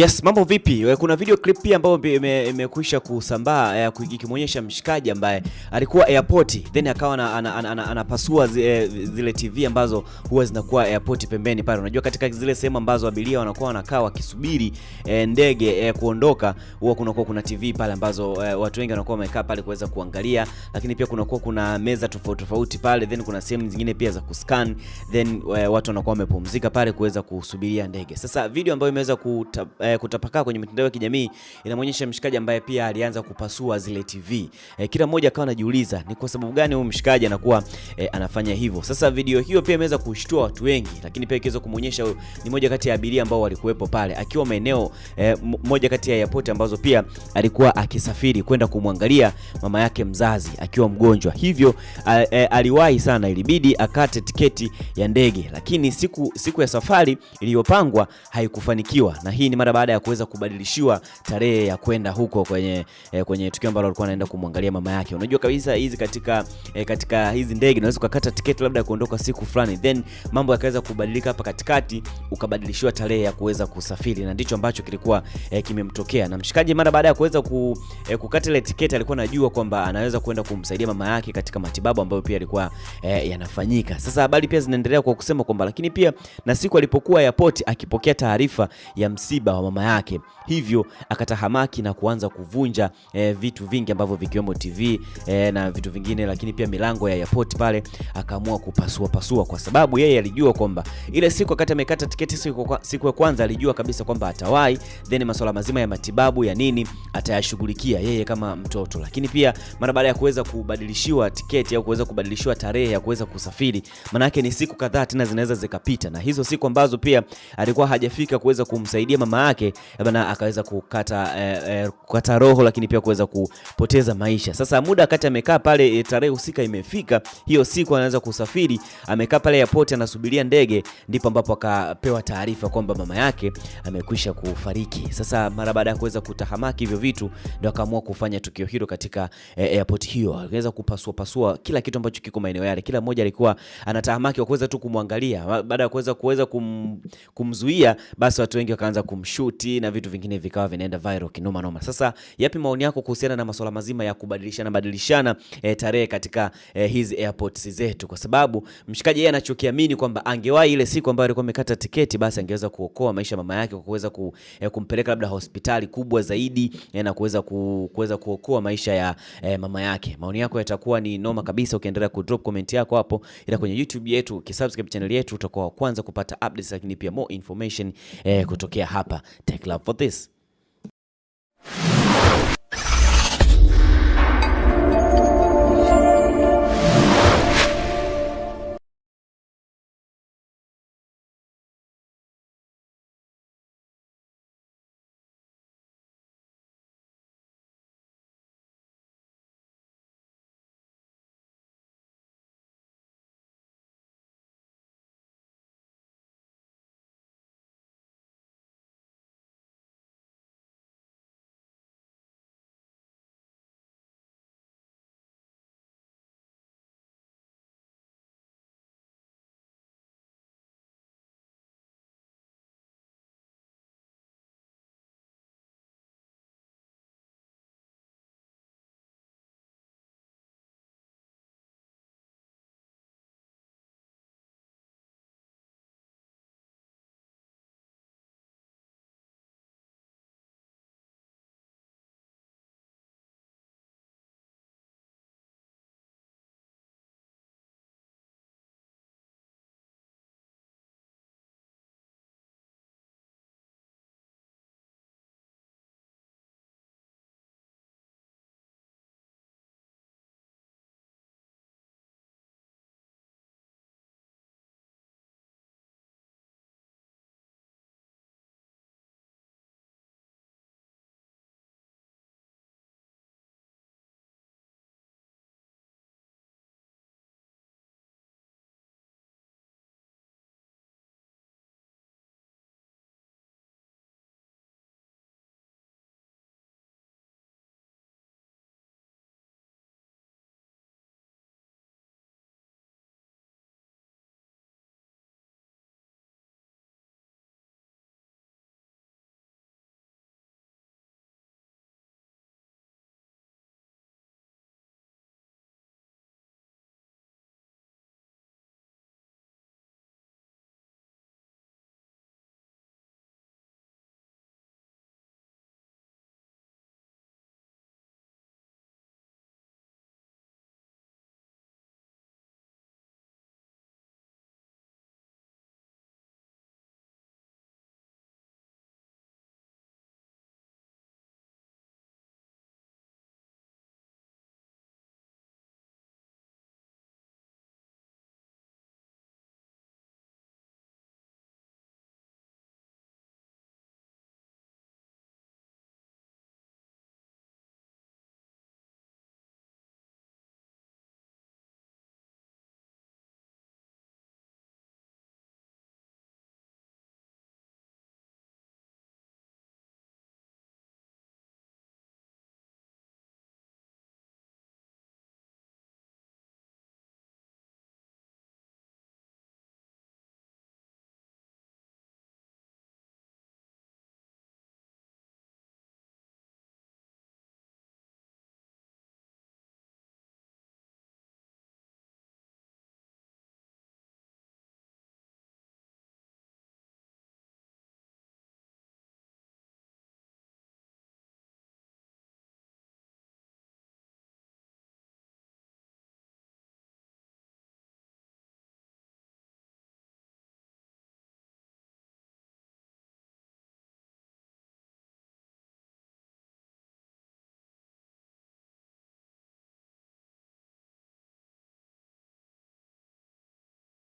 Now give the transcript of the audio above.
Yes, mambo vipi? Eh, kuna video clip pia ambayo imekwisha kusambaa ya eh, kuikimonyesha mshikaji ambaye alikuwa airport then akawa anapasua ana, ana, eh, zile TV ambazo huwa zinakuwa airport pembeni pale. Unajua katika zile sehemu ambazo abiria wanakuwa wanakaa wakisubiri e, ndege e, kuondoka huwa kunakuwa kuna TV pale ambazo e, watu wengi wanakuwa wamekaa pale kuweza kuangalia, lakini pia kunakuwa kuna meza tofauti tofauti pale then kuna sehemu zingine pia za kuscan then e, watu wanakuwa wamepumzika pale kuweza kusubiria ndege. Sasa video ambayo imeweza ku e, eh, kutapakaa kwenye mitandao ya kijamii inamwonyesha mshikaji ambaye pia alianza kupasua zile TV. Eh, kila mmoja akawa anajiuliza ni kwa sababu gani huyu mshikaji anakuwa eh, anafanya hivyo. Sasa video hiyo pia imeweza kushtua watu wengi, lakini pia ikiweza kumwonyesha ni moja kati ya abiria ambao walikuwepo pale akiwa maeneo eh, moja kati ya airport ambazo pia alikuwa akisafiri kwenda kumwangalia mama yake mzazi akiwa mgonjwa, hivyo a, a, e, aliwahi sana, ilibidi akate tiketi ya ndege, lakini siku, siku ya safari iliyopangwa haikufanikiwa na hii ni mara mara baada ya kuweza kubadilishiwa tarehe ya kwenda huko kwenye eh, kwenye tukio ambalo alikuwa anaenda kumwangalia mama yake. Unajua kabisa hizi katika eh, katika hizi ndege unaweza ukakata tiketi labda ya kuondoka siku fulani, then mambo yakaweza kubadilika hapa katikati, ukabadilishiwa tarehe ya kuweza kusafiri, na ndicho ambacho kilikuwa eh, kimemtokea. Na mshikaji mara baada ya kuweza ku, eh, kukata ile tiketi alikuwa anajua kwamba anaweza kwenda kumsaidia mama yake katika matibabu ambayo pia alikuwa eh, yanafanyika. Sasa habari pia zinaendelea kwa kusema kwamba, lakini pia na siku alipokuwa airport akipokea taarifa ya msiba wa mama yake, hivyo akatahamaki na kuanza kuvunja e, vitu vingi ambavyo vikiwemo TV e, eh, na vitu vingine, lakini pia milango ya airport pale akaamua kupasua pasua, kwa sababu yeye alijua kwamba ile siku wakati amekata tiketi siku, siku ya kwanza alijua kabisa kwamba atawai, then masuala mazima ya matibabu ya nini atayashughulikia yeye kama mtoto, lakini pia mara baada ya kuweza kubadilishiwa tiketi au kuweza kubadilishiwa tarehe ya kuweza kusafiri, manake ni siku kadhaa tena zinaweza zikapita, na hizo siku ambazo pia alikuwa hajafika kuweza kumsaidia mama yake eh, bana akaweza kukata, eh, eh, kukata roho lakini pia kuweza kupoteza maisha. Sasa muda wakati amekaa pale eh, tarehe husika imefika hiyo siku anaweza kusafiri, amekaa pale airport anasubiria ndege, ndipo ambapo akapewa taarifa kwamba mama yake amekwisha kufariki. Sasa mara baada ya kuweza kutahamaki hivyo vitu, ndio akaamua kufanya tukio hilo katika eh, airport hiyo, akaweza kupasua pasua kila kitu ambacho kiko maeneo yale, kila mmoja alikuwa anatahamaki wa kuweza tu kumwangalia. Baada ya kuweza kuweza kum, kumzuia, basi watu wengi wakaanza kumshu shuti na vitu vingine vikawa vinaenda viral kinoma noma. Sasa yapi maoni yako kuhusiana na masuala mazima ya kubadilishana badilishana e, tarehe katika e, hizi airports zetu, kwa sababu mshikaji yeye anachokiamini kwamba angewahi ile siku ambayo alikuwa amekata tiketi, basi angeweza kuokoa maisha mama yake kwa kuweza ku, e, kumpeleka labda hospitali kubwa zaidi e, na kuweza ku, kuweza kuokoa maisha ya e, mama yake. Maoni yako yatakuwa ni noma kabisa ukiendelea ku drop comment yako hapo, ila kwenye YouTube yetu, ukisubscribe channel yetu utakuwa wa kwanza kupata updates, lakini pia more information e, kutokea hapa. Take love for this.